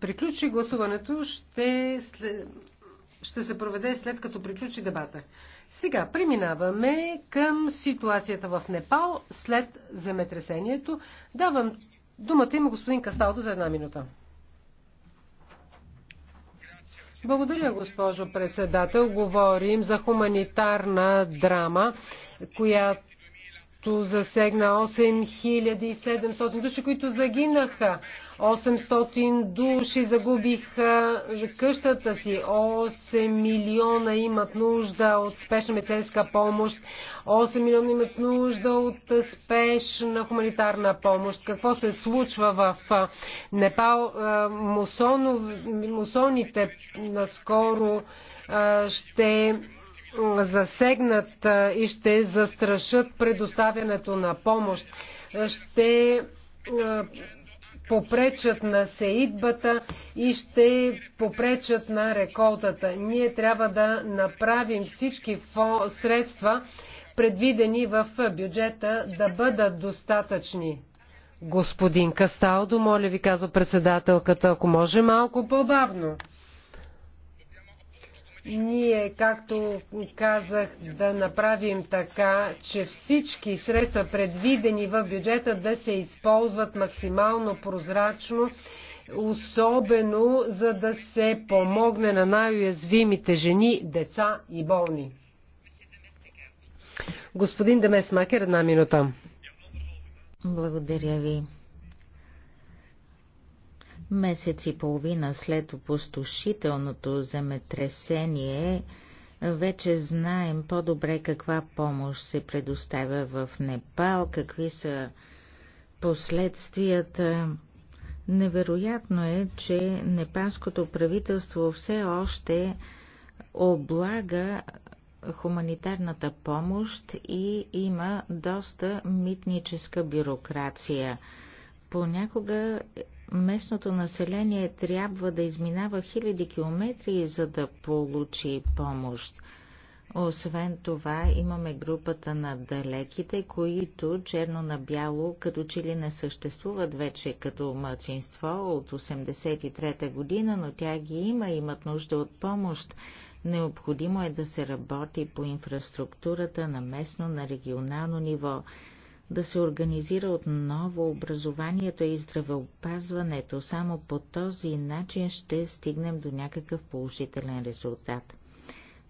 приключи гласуването, ще, след... ще се проведе след като приключи дебата. Сега преминаваме към ситуацията в Непал след земетресението. Давам думата има господин Касталдо за една минута. Благодаря, госпожо председател. Говорим за хуманитарна драма, която който засегна 8700 души, които загинаха. 800 души загубиха къщата си. 8 милиона имат нужда от спешна медицинска помощ. 8 милиона имат нужда от спешна хуманитарна помощ. Какво се случва в Непал? мусоните наскоро ще засегнат и ще застрашат предоставянето на помощ, ще попречат на сеидбата и ще попречат на реколтата. Ние трябва да направим всички средства, предвидени в бюджета, да бъдат достатъчни. Господин Касталдо, моля ви, казва председателката, ако може малко по-бавно. Ние, както казах, да направим така, че всички средства, предвидени в бюджета, да се използват максимално прозрачно, особено за да се помогне на най-уязвимите жени, деца и болни. Господин Демес Макер, една минута. Благодаря ви. Месец и половина след опустошителното земетресение вече знаем по-добре каква помощ се предоставя в Непал, какви са последствията. Невероятно е, че непалското правителство все още облага хуманитарната помощ и има доста митническа бюрокрация. Понякога местното население трябва да изминава хиляди километри, за да получи помощ. Освен това, имаме групата на далеките, които черно на бяло, като че ли не съществуват вече като мълцинство от 83-та година, но тя ги има, имат нужда от помощ. Необходимо е да се работи по инфраструктурата на местно, на регионално ниво да се организира отново образованието и здравеопазването. Само по този начин ще стигнем до някакъв положителен резултат.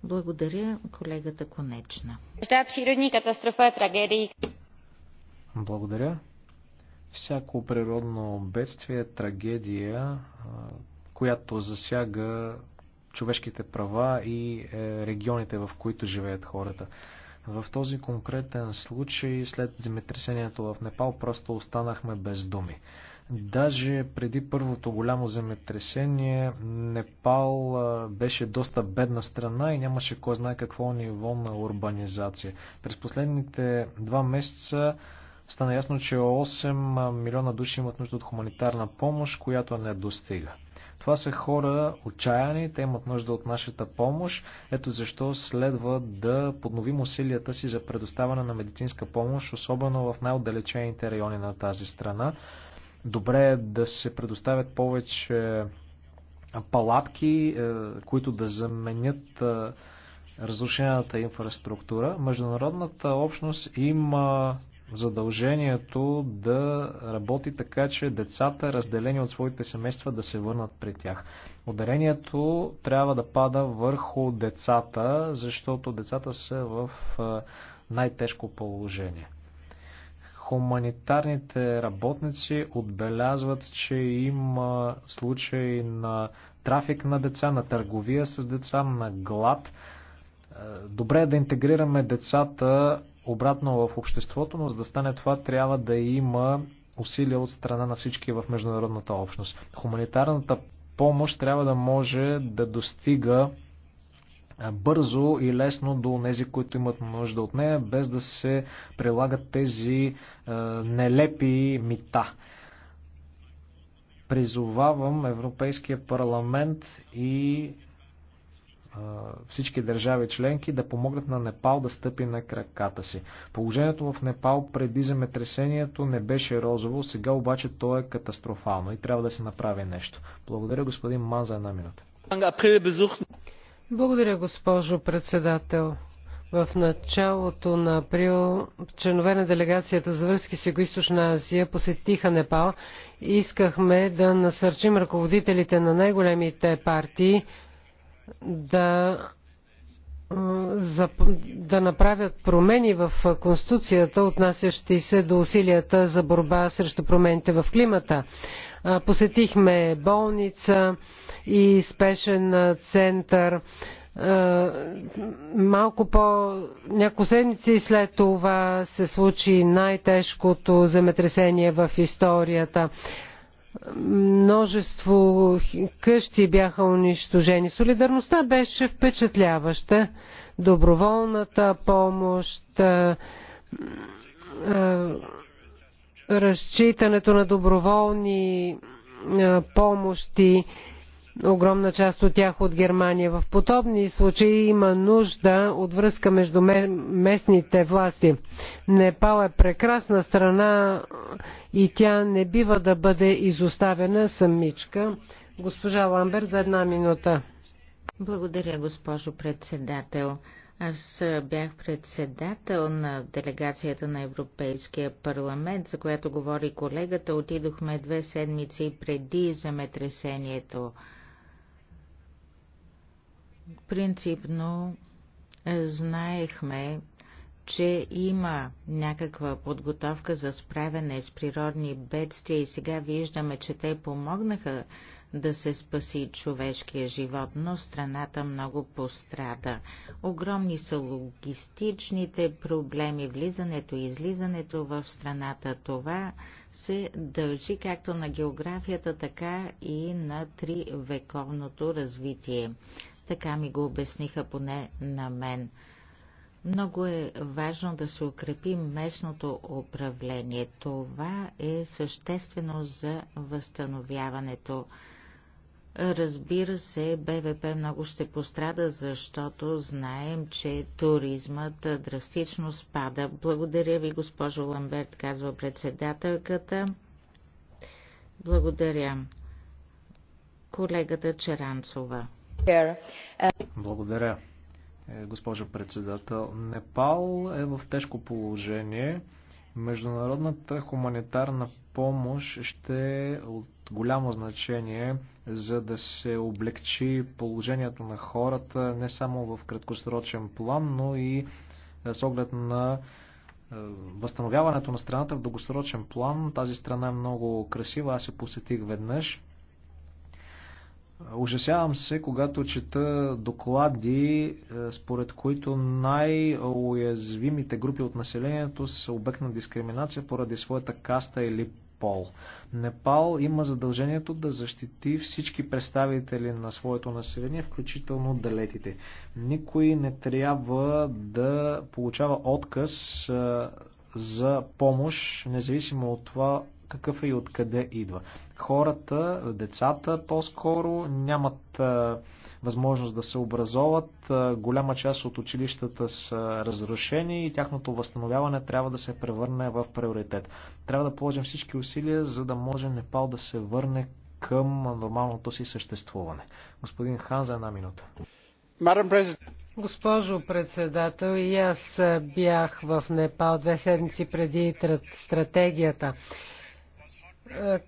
Благодаря колегата Конечна. Природни катастрофа е трагедии. Благодаря. Всяко природно бедствие е трагедия, която засяга човешките права и е, регионите, в които живеят хората. В този конкретен случай, след земетресението в Непал, просто останахме без думи. Даже преди първото голямо земетресение, Непал беше доста бедна страна и нямаше кой знае какво ниво на урбанизация. През последните два месеца стана ясно, че 8 милиона души имат нужда от хуманитарна помощ, която не достига. Това са хора отчаяни, те имат нужда от нашата помощ. Ето защо следва да подновим усилията си за предоставяне на медицинска помощ, особено в най-отдалечените райони на тази страна. Добре е да се предоставят повече палатки, е, които да заменят е, разрушената инфраструктура. Международната общност има задължението да работи така, че децата, разделени от своите семейства, да се върнат при тях. Ударението трябва да пада върху децата, защото децата са в най-тежко положение. Хуманитарните работници отбелязват, че има случаи на трафик на деца, на търговия с деца, на глад. Добре е да интегрираме децата обратно в обществото, но за да стане това трябва да има усилия от страна на всички в международната общност. Хуманитарната помощ трябва да може да достига бързо и лесно до тези, които имат нужда от нея, без да се прилагат тези е, нелепи мита. Призовавам Европейския парламент и всички държави членки да помогнат на Непал да стъпи на краката си. Положението в Непал преди земетресението не беше розово, сега обаче то е катастрофално и трябва да се направи нещо. Благодаря господин Ман за една минута. Благодаря, госпожо председател. В началото на април членове на делегацията за връзки с Юго-Источна Азия посетиха Непал и искахме да насърчим ръководителите на най-големите партии да, за, да направят промени в Конституцията, отнасящи се до усилията за борба срещу промените в климата. Посетихме болница и спешен център. Малко по няколко седмици след това се случи най-тежкото земетресение в историята Множество къщи бяха унищожени. Солидарността беше впечатляваща. Доброволната помощ, разчитането на доброволни помощи, огромна част от тях от Германия. В подобни случаи има нужда от връзка между местните власти. Непал е прекрасна страна и тя не бива да бъде изоставена самичка. Госпожа Ламбер, за една минута. Благодаря, госпожо председател. Аз бях председател на делегацията на Европейския парламент, за която говори колегата. Отидохме две седмици преди земетресението. Принципно е, знаехме, че има някаква подготовка за справяне с природни бедствия и сега виждаме, че те помогнаха да се спаси човешкия живот, но страната много пострада. Огромни са логистичните проблеми, влизането и излизането в страната. Това се дължи както на географията, така и на тривековното развитие. Така ми го обясниха поне на мен. Много е важно да се укрепи местното управление. Това е съществено за възстановяването. Разбира се, БВП много ще пострада, защото знаем, че туризмът драстично спада. Благодаря ви, госпожо Ламберт, казва председателката. Благодаря. Колегата Черанцова. Благодаря, е, госпожо председател. Непал е в тежко положение. Международната хуманитарна помощ ще е от голямо значение, за да се облегчи положението на хората не само в краткосрочен план, но и е, с оглед на е, възстановяването на страната в дългосрочен план. Тази страна е много красива, аз я посетих веднъж. Ужасявам се, когато чета доклади, е, според които най-уязвимите групи от населението са обект на дискриминация поради своята каста или пол. Непал има задължението да защити всички представители на своето население, включително далетите. Никой не трябва да получава отказ е, за помощ, независимо от това какъв е и откъде идва хората, децата по-скоро, нямат възможност да се образоват. Голяма част от училищата са разрушени и тяхното възстановяване трябва да се превърне в приоритет. Трябва да положим всички усилия, за да може Непал да се върне към нормалното си съществуване. Господин Хан за една минута. Госпожо председател, и аз бях в Непал две седмици преди стратегията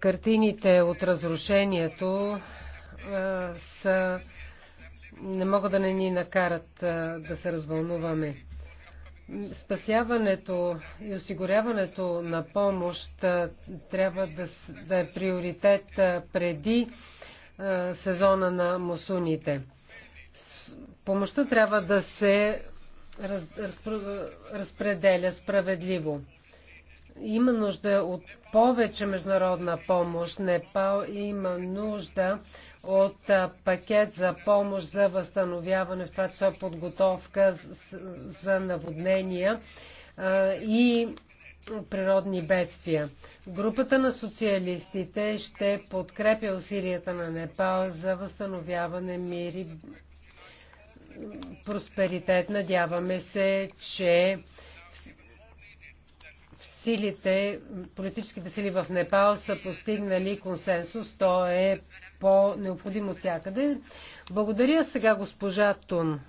картините от разрушението са, не могат да не ни накарат да се развълнуваме. Спасяването и осигуряването на помощ трябва да, да е приоритет преди сезона на мусуните. Помощта трябва да се разпределя справедливо има нужда от повече международна помощ. Непал има нужда от пакет за помощ за възстановяване, в това че подготовка за наводнения и природни бедствия. Групата на социалистите ще подкрепя усилията на Непал за възстановяване мир и просперитет. Надяваме се, че силите, политическите сили в Непал са постигнали консенсус. То е по-необходимо от всякъде. Благодаря сега госпожа Тун.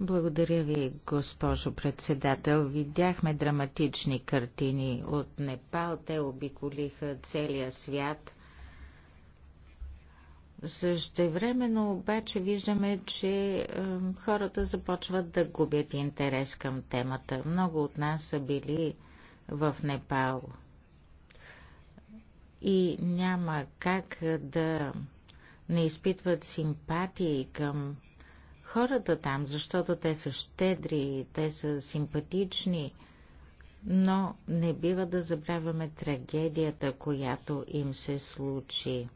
Благодаря ви, госпожо председател. Видяхме драматични картини от Непал. Те обиколиха целия свят – Същевременно обаче виждаме, че е, хората започват да губят интерес към темата. Много от нас са били в Непал. И няма как да не изпитват симпатии към хората там, защото те са щедри, те са симпатични, но не бива да забравяме трагедията, която им се случи.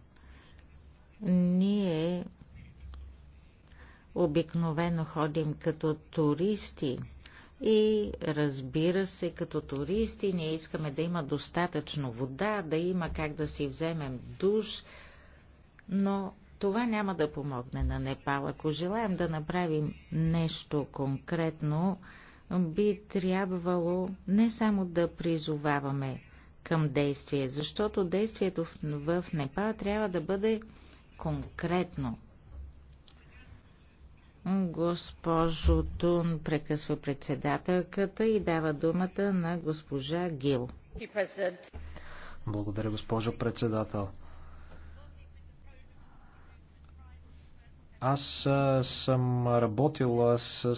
Ние обикновено ходим като туристи и разбира се, като туристи ние искаме да има достатъчно вода, да има как да си вземем душ, но това няма да помогне на Непал. Ако желаем да направим нещо конкретно, би трябвало не само да призоваваме към действие, защото действието в Непал трябва да бъде конкретно. Госпожо Тун прекъсва председателката и дава думата на госпожа Гил. Благодаря, госпожо председател. Аз съм работила с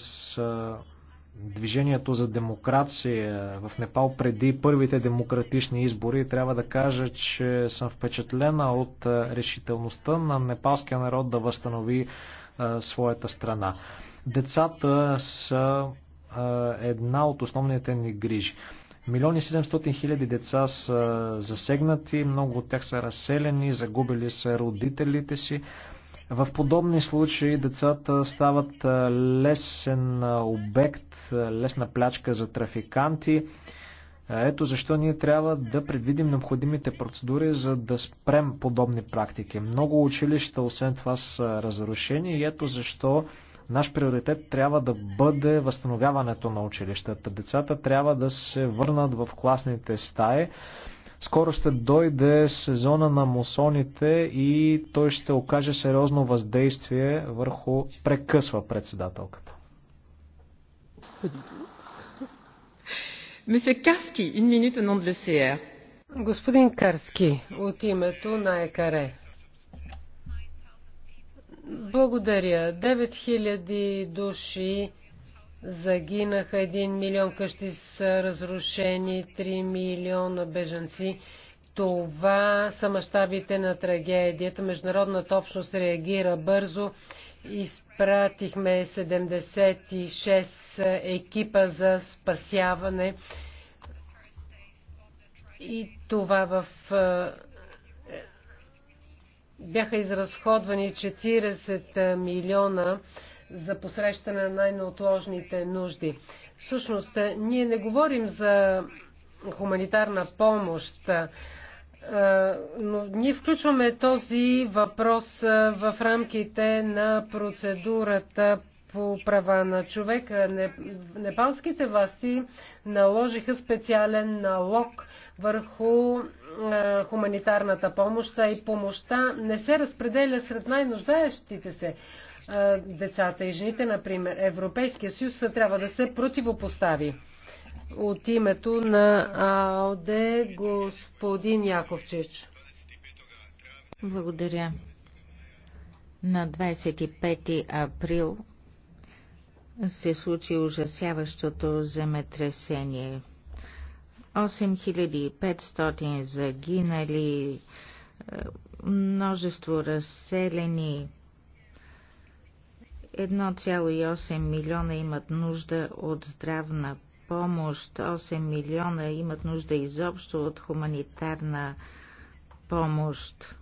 движението за демокрация в Непал преди първите демократични избори. Трябва да кажа, че съм впечатлена от решителността на непалския народ да възстанови своята страна. Децата са една от основните ни грижи. Милиони 700 хиляди деца са засегнати, много от тях са разселени, загубили са родителите си. В подобни случаи децата стават лесен обект лесна плячка за трафиканти. Ето защо ние трябва да предвидим необходимите процедури, за да спрем подобни практики. Много училища, освен това, са разрушени и ето защо наш приоритет трябва да бъде възстановяването на училищата. Децата трябва да се върнат в класните стаи. Скоро ще дойде сезона на мусоните и той ще окаже сериозно въздействие върху прекъсва председателката. Господин Карски, от името на ЕКАРЕ. Благодаря. 9000 души загинаха, 1 милион къщи са разрушени, 3 милиона бежанци. Това са мащабите на трагедията. Международната общност реагира бързо. Изпратихме 76 екипа за спасяване и това в е, бяха изразходвани 40 е, милиона за посрещане на най-неотложните нужди. Всъщност, е, ние не говорим за хуманитарна помощ, но ние включваме този въпрос в рамките на процедурата по права на човека. Непалските власти наложиха специален налог върху е, хуманитарната помощ, и помощта не се разпределя сред най-нуждаещите се е, децата и жените, например. Европейския съюз трябва да се противопостави. От името на АОД господин Яковчич. Благодаря. На 25 април се случи ужасяващото земетресение. 8500 загинали, е, множество разселени, 1,8 милиона имат нужда от здравна помощ, 8 милиона имат нужда изобщо от хуманитарна помощ.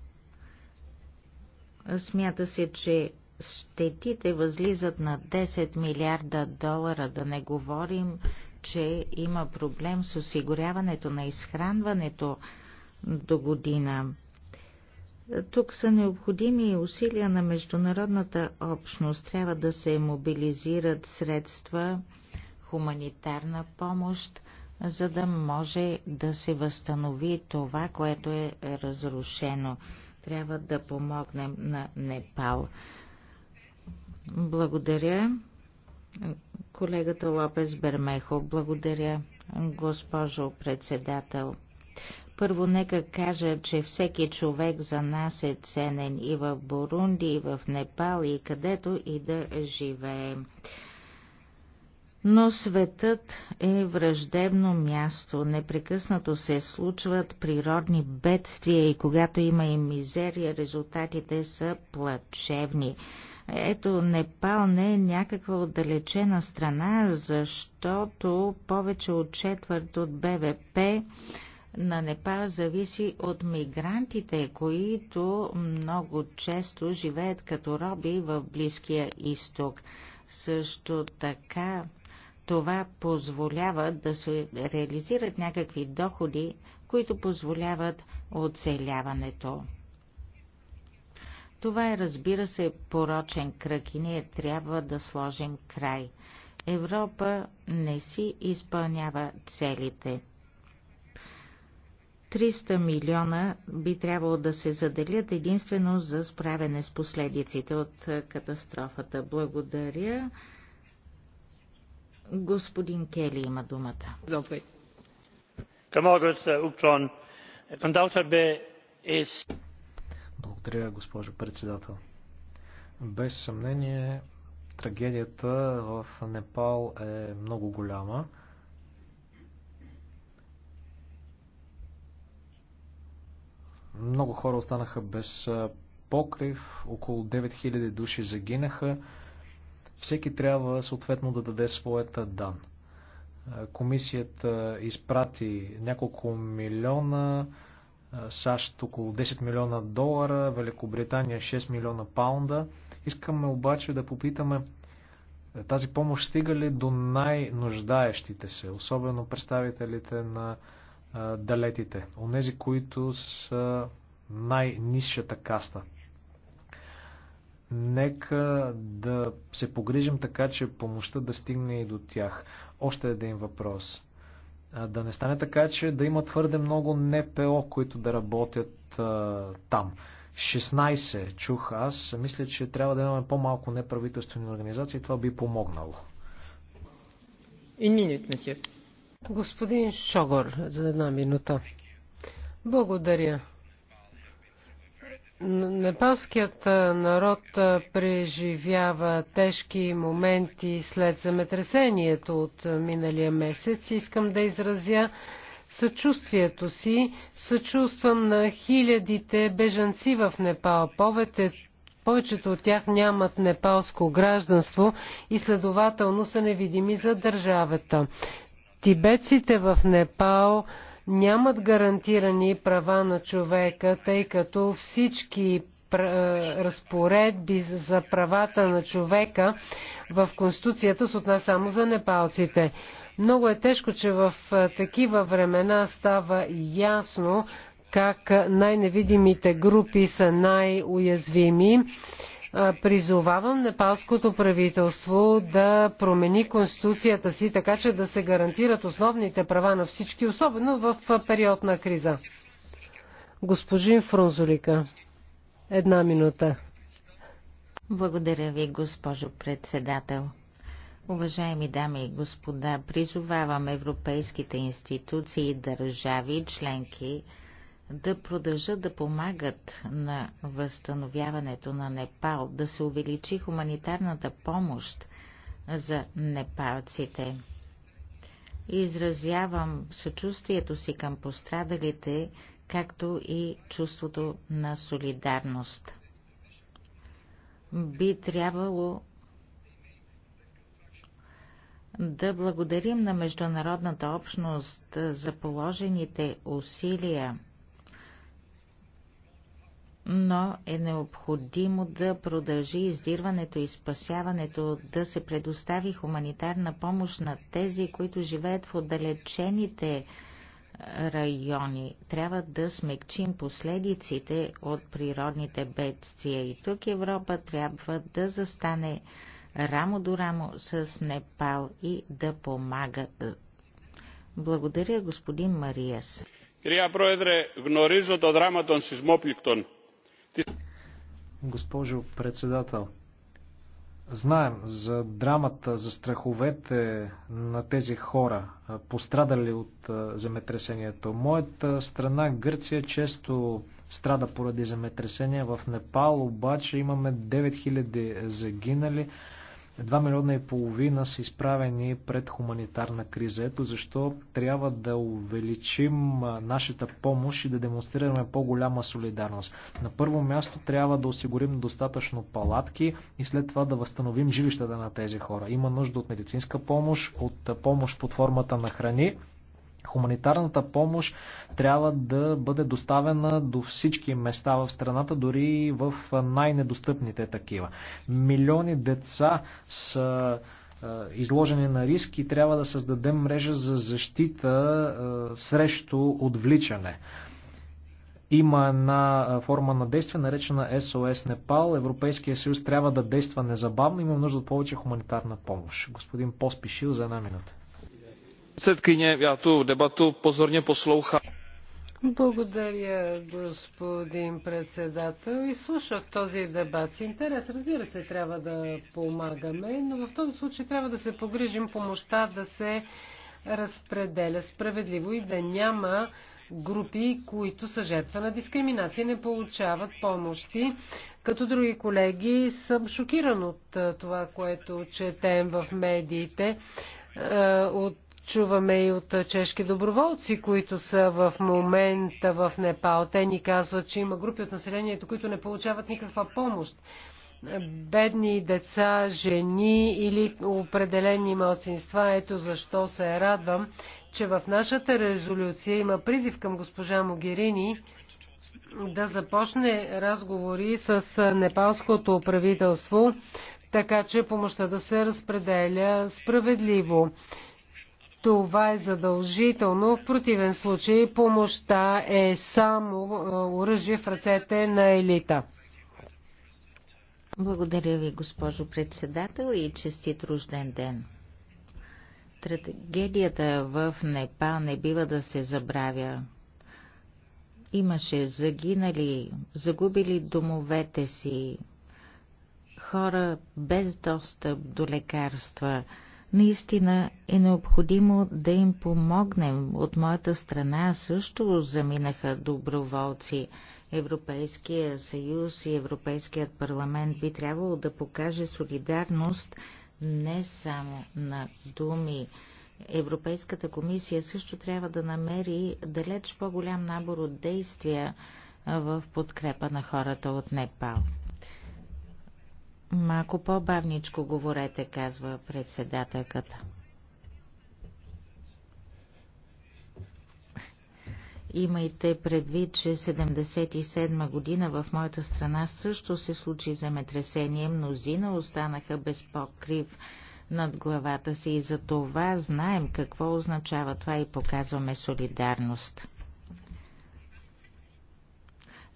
Смята се, че щетите възлизат на 10 милиарда долара, да не говорим, че има проблем с осигуряването на изхранването до година. Тук са необходими усилия на международната общност. Трябва да се мобилизират средства, хуманитарна помощ, за да може да се възстанови това, което е разрушено. Трябва да помогнем на Непал. Благодаря. Колегата Лопес Бермехо, благодаря, госпожо председател. Първо нека кажа, че всеки човек за нас е ценен и в Бурунди, и в Непал, и където и да живеем. Но светът е враждебно място. Непрекъснато се случват природни бедствия и когато има и мизерия, резултатите са плачевни. Ето, Непал не е някаква отдалечена страна, защото повече от четвърт от БВП на Непал зависи от мигрантите, които много често живеят като роби в Близкия изток. Също така това позволява да се реализират някакви доходи, които позволяват оцеляването. Това е, разбира се, порочен кръг и ние трябва да сложим край. Европа не си изпълнява целите. 300 милиона би трябвало да се заделят единствено за справяне с последиците от катастрофата. Благодаря. Господин Кели има думата. Добре. Благодаря, госпожо председател. Без съмнение, трагедията в Непал е много голяма. Много хора останаха без покрив, около 9000 души загинаха. Всеки трябва съответно да даде своята дан. Комисията изпрати няколко милиона САЩ около 10 милиона долара, Великобритания 6 милиона паунда. Искаме обаче да попитаме е, тази помощ стига ли до най-нуждаещите се, особено представителите на далетите, онези, които са най-низшата каста. Нека да се погрижим така, че помощта да стигне и до тях. Още един въпрос да не стане така, че да има твърде много НПО, които да работят а, там. 16 чух аз. Мисля, че трябва да имаме по-малко неправителствени организации. Това би помогнало. минут, месье. Господин Шогор, за една минута. Благодаря. Непалският народ преживява тежки моменти след земетресението от миналия месец. Искам да изразя съчувствието си. Съчувствам на хилядите бежанци в Непал. Повете, повечето от тях нямат непалско гражданство и следователно са невидими за държавата. Тибетците в Непал нямат гарантирани права на човека, тъй като всички разпоредби за правата на човека в Конституцията се отнася само за непалците. Много е тежко, че в такива времена става ясно как най-невидимите групи са най-уязвими Призовавам непалското правителство да промени конституцията си, така че да се гарантират основните права на всички, особено в период на криза. Госпожин Фрунзолика, една минута. Благодаря ви, госпожо председател. Уважаеми дами и господа, призовавам европейските институции и държави, членки да продължат да помагат на възстановяването на Непал, да се увеличи хуманитарната помощ за непалците. Изразявам съчувствието си към пострадалите, както и чувството на солидарност. Би трябвало да благодарим на международната общност за положените усилия но е необходимо да продължи издирването и спасяването, да се предостави хуманитарна помощ на тези, които живеят в отдалечените е, райони. Трябва да смекчим последиците от природните бедствия и тук Европа трябва да застане рамо до рамо с Непал и да помага. Благодаря, господин Мариас. Кирия Проедре, γνωρίζω το драма των σεισμόπληκτων Госпожо председател, знаем за драмата, за страховете на тези хора, пострадали от земетресението. Моята страна Гърция често страда поради земетресения. В Непал обаче имаме 9000 загинали. Два милиона и половина са изправени пред хуманитарна криза. Ето защо трябва да увеличим нашата помощ и да демонстрираме по-голяма солидарност. На първо място трябва да осигурим достатъчно палатки и след това да възстановим жилищата на тези хора. Има нужда от медицинска помощ, от помощ под формата на храни Хуманитарната помощ трябва да бъде доставена до всички места в страната, дори и в най-недостъпните такива. Милиони деца са е, изложени на риск и трябва да създадем мрежа за защита е, срещу отвличане. Има една е, форма на действие, наречена СОС Непал. Европейския съюз трябва да действа незабавно. Има нужда от повече хуманитарна помощ. Господин Поспишил за една минута předsedkyně já tu debatu pozorně poslouchám. Благодаря, господин председател. И слушах този дебат с интерес. Разбира се, трябва да помагаме, но в този случай трябва да се погрижим помощта да се разпределя справедливо и да няма групи, които са жертва на дискриминация, не получават помощи. Като други колеги съм шокиран от това, което четем в медиите от Чуваме и от чешки доброволци, които са в момента в Непал. Те ни казват, че има групи от населението, които не получават никаква помощ. Бедни деца, жени или определени малцинства. Ето защо се радвам, че в нашата резолюция има призив към госпожа Могерини да започне разговори с непалското правителство, така че помощта да се разпределя справедливо. Това е задължително. В противен случай помощта е само е, оръжие в ръцете на елита. Благодаря ви, госпожо председател и честит рожден ден. Трагедията в Непал не бива да се забравя. Имаше загинали, загубили домовете си, хора без достъп до лекарства – Наистина е необходимо да им помогнем. От моята страна също заминаха доброволци. Европейския съюз и Европейският парламент би трябвало да покаже солидарност не само на думи. Европейската комисия също трябва да намери далеч по-голям набор от действия в подкрепа на хората от Непал. Малко по-бавничко говорете, казва председателката. Имайте предвид, че 77 година в моята страна също се случи земетресение. Мнозина останаха без покрив над главата си и за това знаем какво означава това и показваме солидарност.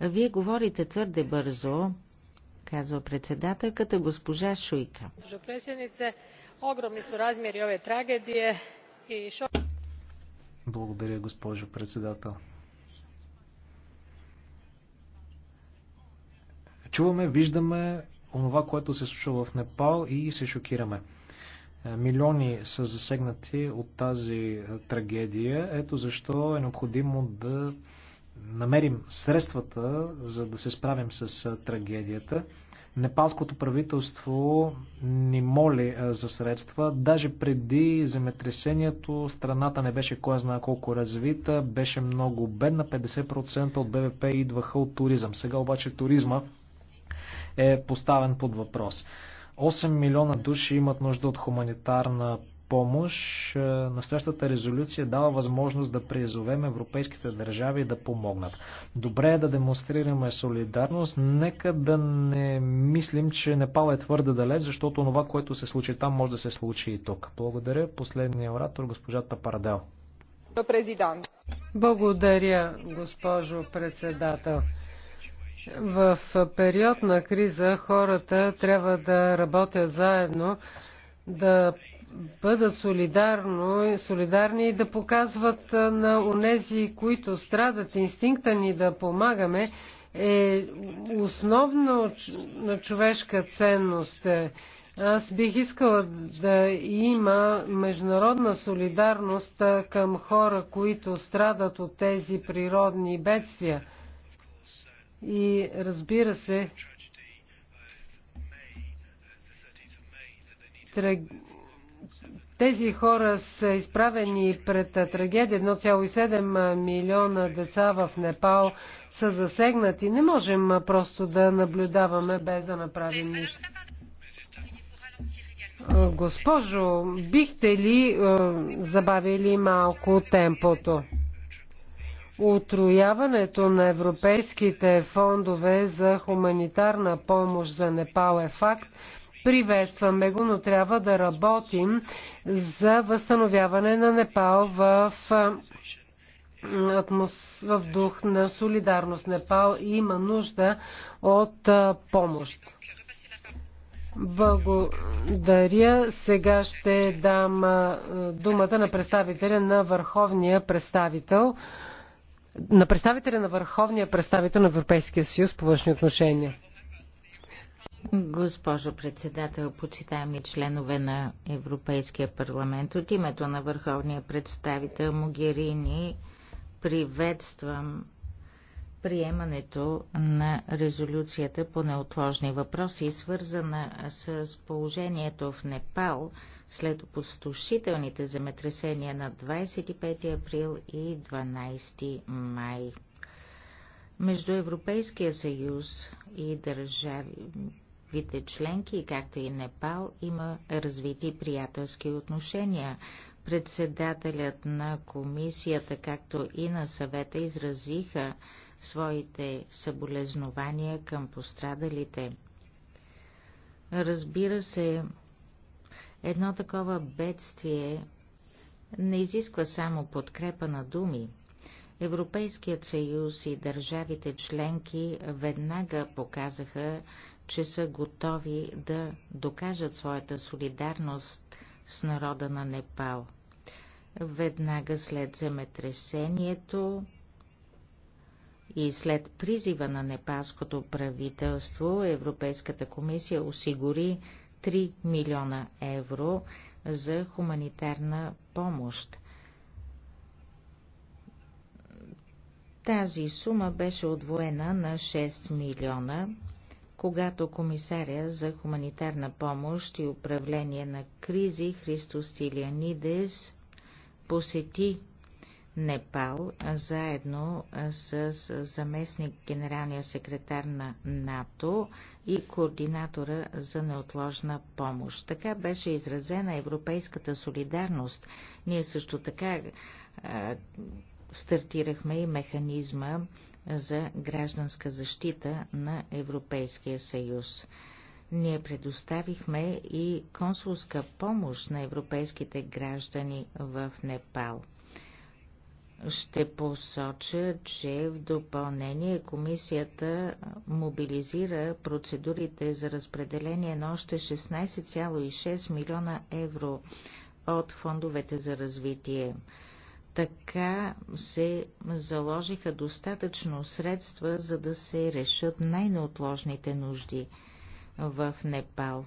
Вие говорите твърде бързо, казва председателката госпожа Шуйка. Благодаря, госпожо председател. Чуваме, виждаме онова, което се случва в Непал и се шокираме. Е, милиони са засегнати от тази е, трагедия. Ето защо е необходимо да намерим средствата, за да се справим с трагедията. Непалското правителство ни моли за средства. Даже преди земетресението страната не беше кой знае колко развита, беше много бедна, 50% от БВП идваха от туризъм. Сега обаче туризма е поставен под въпрос. 8 милиона души имат нужда от хуманитарна помощ, е, настоящата резолюция дава възможност да призовем европейските държави да помогнат. Добре е да демонстрираме солидарност. Нека да не мислим, че Непал е твърде далеч, защото това, което се случи там, може да се случи и тук. Благодаря. Последният оратор, госпожата Парадел. Благодаря, госпожо председател. В период на криза хората трябва да работят заедно, да бъдат солидарно, солидарни и да показват на онези, които страдат инстинкта ни да помагаме, е основно на човешка ценност. Е, аз бих искала да има международна солидарност към хора, които страдат от тези природни бедствия. И разбира се, тези хора са изправени пред трагедия. 1,7 милиона деца в Непал са засегнати. Не можем просто да наблюдаваме без да направим нищо. Госпожо, бихте ли е, забавили малко темпото? Отрояването на европейските фондове за хуманитарна помощ за Непал е факт Приветстваме го, но трябва да работим за възстановяване на Непал в в дух на солидарност. Непал има нужда от помощ. Благодаря. Сега ще дам думата на представителя на върховния представител на представителя на върховния представител на Европейския съюз по външни отношения. Госпожо председател, почитаеми членове на Европейския парламент, от името на върховния представител Могерини приветствам приемането на резолюцията по неотложни въпроси, свързана с положението в Непал след опустошителните земетресения на 25 април и 12 май. Между Европейския съюз и държави, държавите членки, както и Непал, има развити приятелски отношения. Председателят на комисията, както и на съвета, изразиха своите съболезнования към пострадалите. Разбира се, едно такова бедствие не изисква само подкрепа на думи – Европейският съюз и държавите членки веднага показаха, че са готови да докажат своята солидарност с народа на Непал. Веднага след земетресението и след призива на непалското правителство, Европейската комисия осигури 3 милиона евро за хуманитарна помощ Тази сума беше отвоена на 6 милиона, когато комисаря за хуманитарна помощ и управление на кризи Христос Стилианидес посети Непал заедно с заместник генералния секретар на НАТО и координатора за неотложна помощ. Така беше изразена европейската солидарност. Ние също така стартирахме и механизма за гражданска защита на Европейския съюз. Ние предоставихме и консулска помощ на европейските граждани в Непал. Ще посоча, че в допълнение комисията мобилизира процедурите за разпределение на още 16,6 милиона евро от фондовете за развитие. Така се заложиха достатъчно средства, за да се решат най-неотложните нужди в Непал.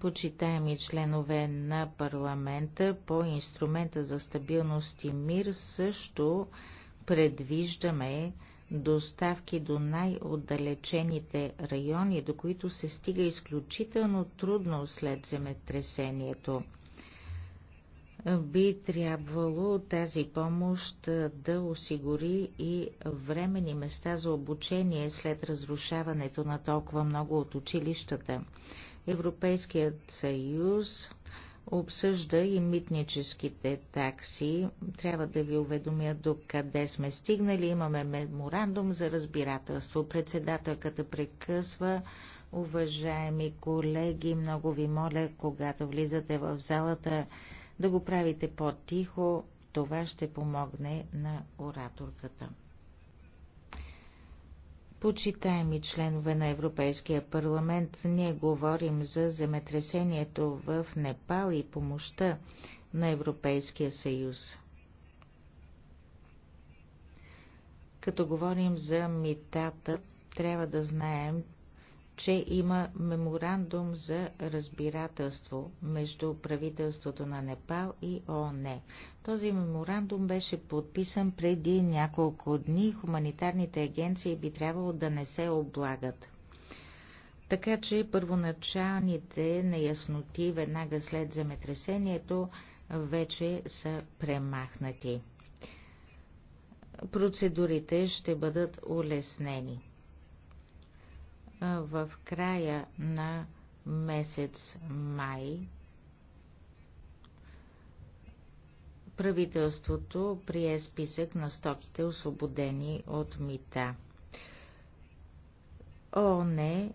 Почитаеми членове на парламента по инструмента за стабилност и мир също предвиждаме доставки до най-отдалечените райони, до които се стига изключително трудно след земетресението би трябвало тази помощ да осигури и времени места за обучение след разрушаването на толкова много от училищата. Европейският съюз обсъжда и митническите такси. Трябва да ви уведомя до къде сме стигнали. Имаме меморандум за разбирателство. Председателката прекъсва. Уважаеми колеги, много ви моля, когато влизате в залата, да го правите по-тихо, това ще помогне на ораторката. Почитаеми членове на Европейския парламент, ние говорим за земетресението в Непал и помощта на Европейския съюз. Като говорим за митата, трябва да знаем, че има меморандум за разбирателство между правителството на Непал и ООН. Този меморандум беше подписан преди няколко дни. Хуманитарните агенции би трябвало да не се облагат. Така че първоначалните неясноти веднага след земетресението вече са премахнати. Процедурите ще бъдат улеснени в края на месец май правителството прие списък на стоките, освободени от мита. ООН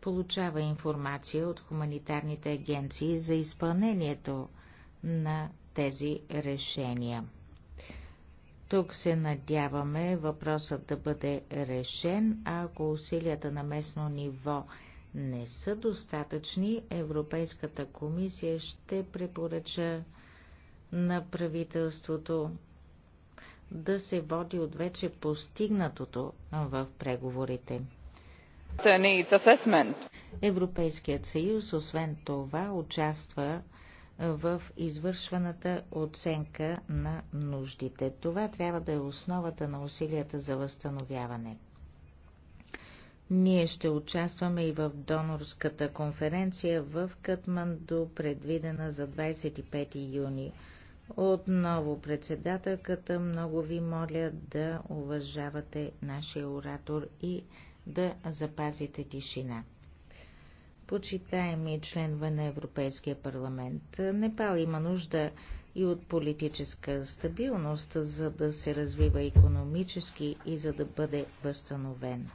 получава информация от хуманитарните агенции за изпълнението на тези решения. Тук се надяваме въпросът да бъде решен, а ако усилията на местно ниво не са достатъчни, Европейската комисия ще препоръча на правителството да се води от вече постигнатото в преговорите. Европейският съюз, освен това, участва в извършваната оценка на нуждите. Това трябва да е основата на усилията за възстановяване. Ние ще участваме и в донорската конференция в Катманду, предвидена за 25 юни. Отново председателката, много ви моля да уважавате нашия оратор и да запазите тишина почитаеми членове на Европейския парламент. Непал има нужда и от политическа стабилност, за да се развива економически и за да бъде възстановен.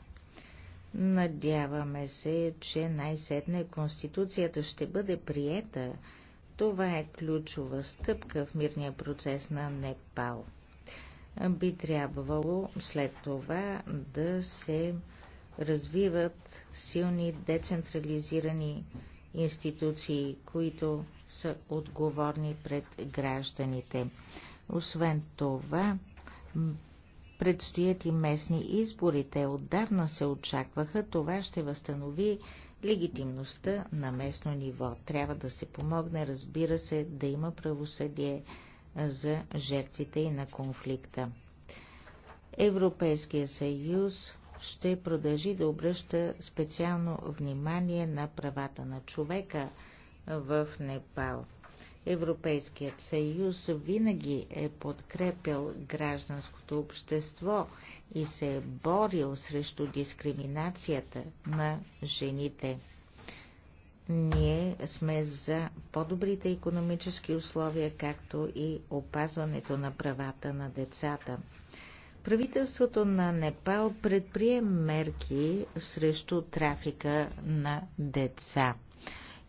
Надяваме се, че най-сетне Конституцията ще бъде приета. Това е ключова стъпка в мирния процес на Непал. Би трябвало след това да се развиват силни децентрализирани институции, които са отговорни пред гражданите. Освен това, предстоят и местни избори. Те отдавна се очакваха. Това ще възстанови легитимността на местно ниво. Трябва да се помогне, разбира се, да има правосъдие за жертвите и на конфликта. Европейския съюз ще продължи да обръща специално внимание на правата на човека в Непал. Европейският съюз винаги е подкрепил гражданското общество и се е борил срещу дискриминацията на жените. Ние сме за по-добрите економически условия, както и опазването на правата на децата. Правителството на Непал предприе мерки срещу трафика на деца.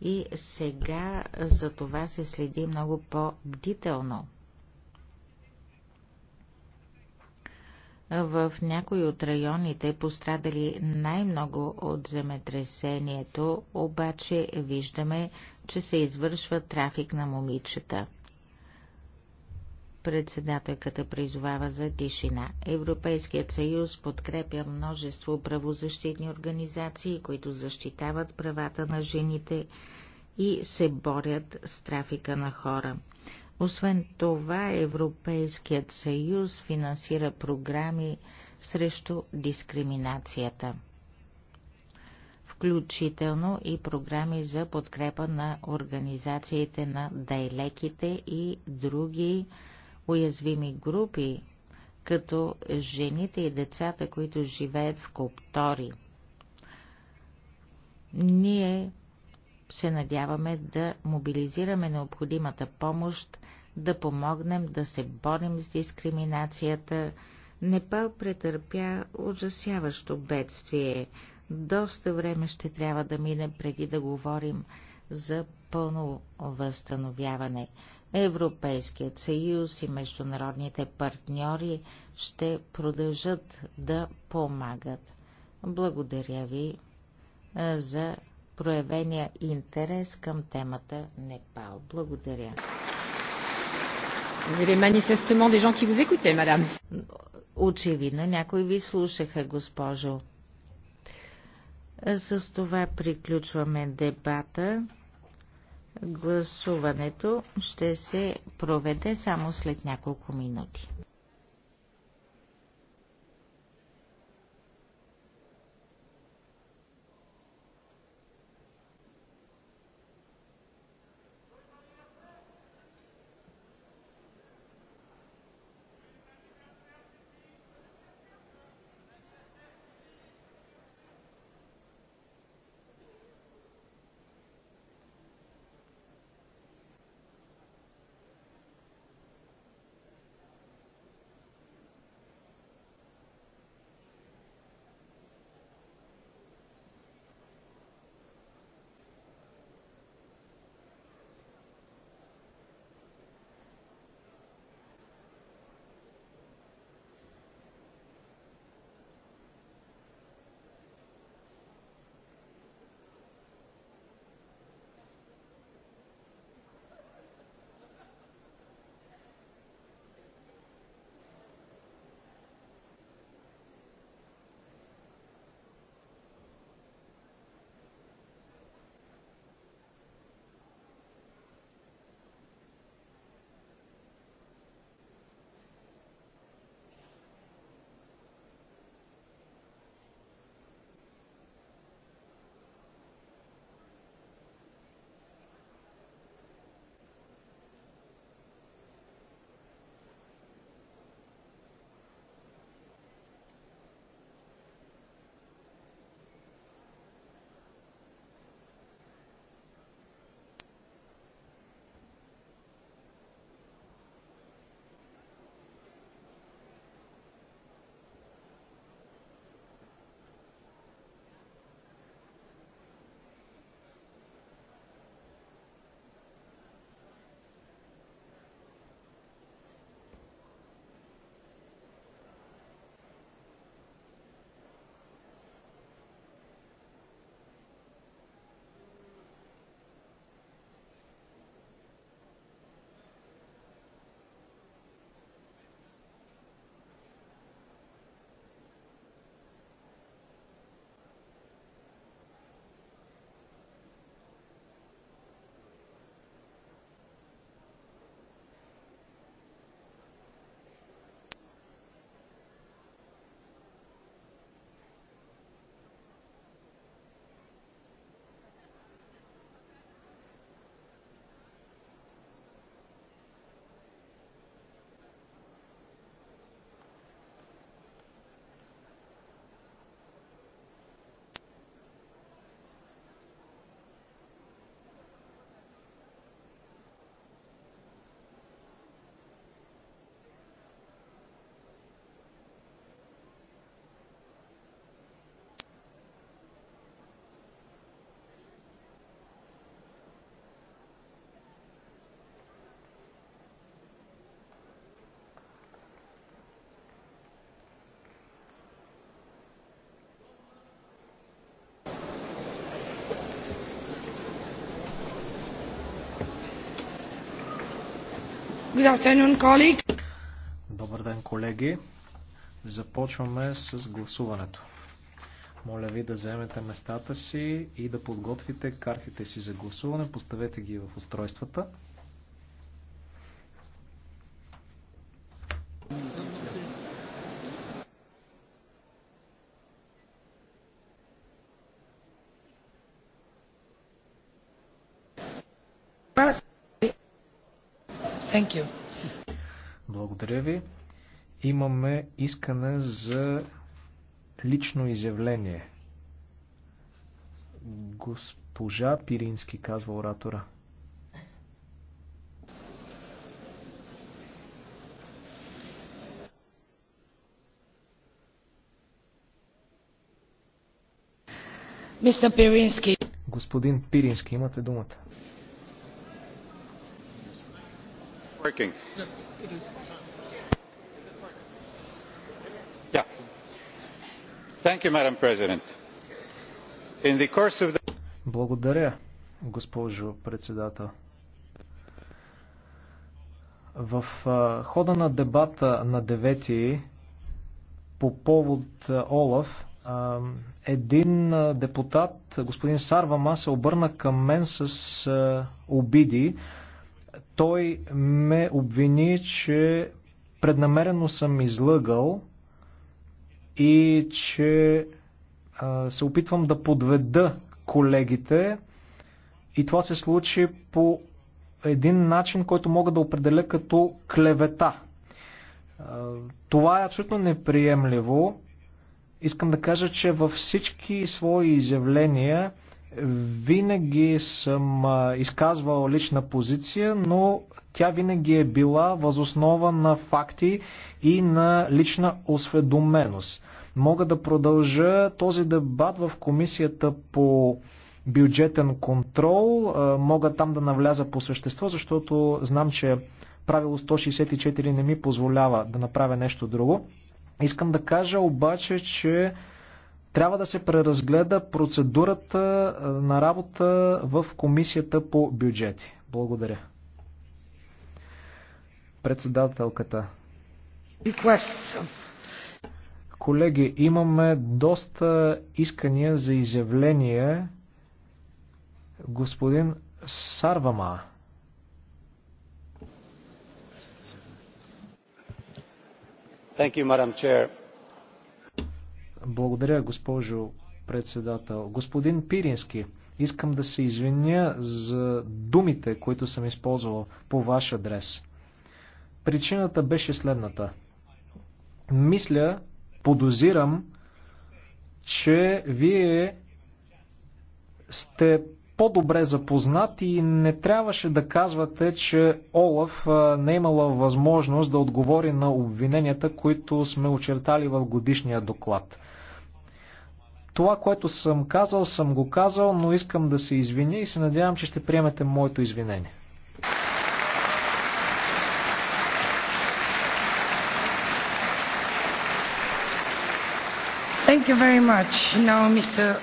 И сега за това се следи много по-бдително. В някои от районите, пострадали най-много от земетресението, обаче виждаме, че се извършва трафик на момичета – Председателката призовава за тишина. Европейският съюз подкрепя множество правозащитни организации, които защитават правата на жените и се борят с трафика на хора. Освен това, Европейският съюз финансира програми срещу дискриминацията, включително и програми за подкрепа на организациите на дайлеките и други уязвими групи, като жените и децата, които живеят в коптори. Ние се надяваме да мобилизираме необходимата помощ, да помогнем да се борим с дискриминацията. Непал претърпя ужасяващо бедствие. Доста време ще трябва да мине преди да говорим за пълно възстановяване. Европейският съюз и международните партньори ще продължат да помагат. Благодаря ви за проявения интерес към темата Непал. Благодаря. Очевидно някои ви слушаха, госпожо. С това приключваме дебата. Гласуването ще се проведе само след няколко минути. Добър ден, колеги. Започваме с гласуването. Моля ви да вземете местата си и да подготвите картите си за гласуване. Поставете ги в устройствата. Thank you. Благодаря ви. Имаме искане за лично изявление. Госпожа Пирински, казва оратора. Господин Пирински, имате думата. working? Thank you, Madam President. In the course of the... Благодаря, госпожо председател. В хода на дебата на 9 по повод Олаф, един депутат, господин Сарвама, се обърна към мен с обиди. Той ме обвини, че преднамерено съм излъгал и че а, се опитвам да подведа колегите. И това се случи по един начин, който мога да определя като клевета. Това е абсолютно неприемливо. Искам да кажа, че във всички свои изявления винаги съм изказвал лична позиция, но тя винаги е била възоснова на факти и на лична осведоменост. Мога да продължа този дебат в комисията по бюджетен контрол. Мога там да навляза по същество, защото знам, че правило 164 не ми позволява да направя нещо друго. Искам да кажа обаче, че трябва да се преразгледа процедурата на работа в комисията по бюджети. Благодаря. Председателката. Колеги, имаме доста искания за изявление. Господин Сарвама. Thank you, Madam Chair. Благодаря, госпожо председател. Господин Пирински, искам да се извиня за думите, които съм използвал по ваш адрес. Причината беше следната. Мисля, подозирам, че вие сте по-добре запознат и не трябваше да казвате, че Олаф не е имала възможност да отговори на обвиненията, които сме очертали в годишния доклад. Това, което съм казал, съм го казал, но искам да се извиня и се надявам, че ще приемете моето извинение. Now,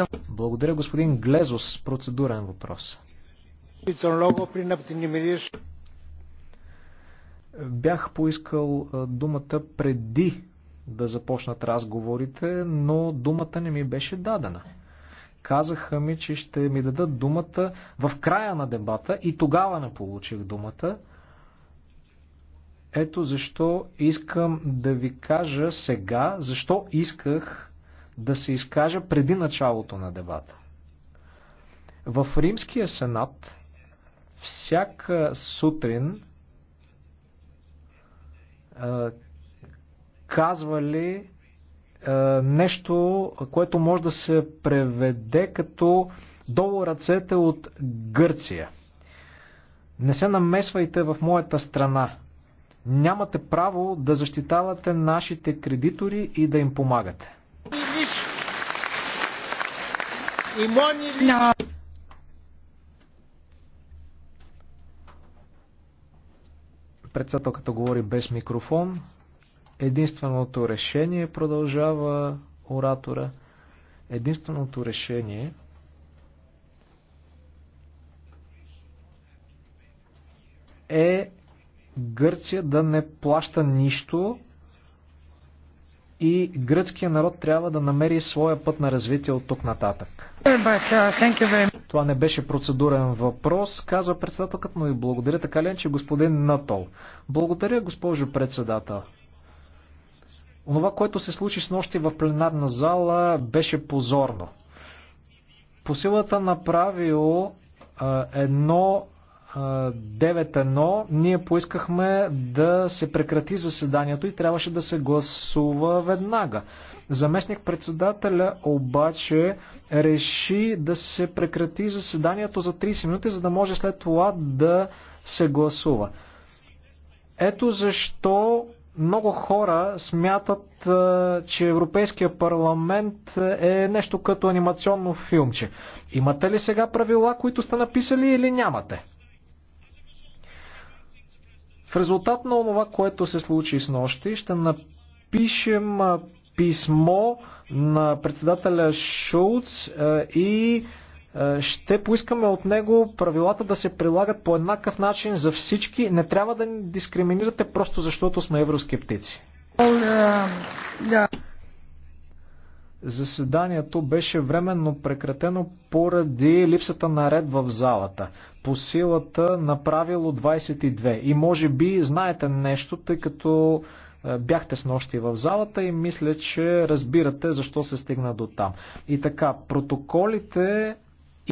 of... Благодаря, господин Глезос. Процедурен въпрос. Бях поискал думата преди да започнат разговорите, но думата не ми беше дадена. Казаха ми, че ще ми дадат думата в края на дебата и тогава не получих думата. Ето защо искам да ви кажа сега, защо исках да се изкажа преди началото на дебата. В Римския сенат всяка сутрин казвали е, нещо, което може да се преведе като долу ръцете от Гърция. Не се намесвайте в моята страна. Нямате право да защитавате нашите кредитори и да им помагате. No. Председателката говори без микрофон единственото решение, продължава оратора, единственото решение е Гърция да не плаща нищо и гръцкият народ трябва да намери своя път на развитие от тук нататък. Uh, Това не беше процедурен въпрос, казва председателката, но и благодаря така ли, е, че господин Натол. Благодаря, госпожо председател. Онова, което се случи с нощи в пленарна зала, беше позорно. По силата на правило едно 9-1, ние поискахме да се прекрати заседанието и трябваше да се гласува веднага. Заместник председателя обаче реши да се прекрати заседанието за 30 минути, за да може след това да се гласува. Ето защо много хора смятат, че Европейския парламент е нещо като анимационно филмче. Имате ли сега правила, които сте написали или нямате? В резултат на това, което се случи с нощи, ще напишем писмо на председателя Шулц и е, ще поискаме от него правилата да се прилагат по еднакъв начин за всички. Не трябва да ни дискриминирате просто защото сме евроскептици. Заседанието беше временно прекратено поради липсата на ред в залата по силата на правило 22. И може би знаете нещо, тъй като е, бяхте с нощи в залата и мисля, че разбирате защо се стигна до там. И така, протоколите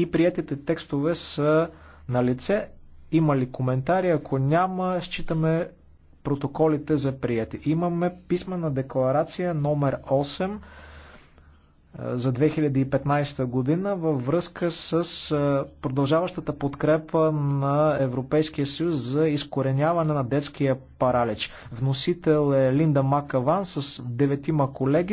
и приятите текстове са на лице. Има ли коментари? Ако няма, считаме протоколите за прияти. Имаме писмена декларация номер 8 е, за 2015 година във връзка с е, продължаващата подкрепа на Европейския съюз за изкореняване на детския паралич. Вносител е Линда Макаван с деветима колеги.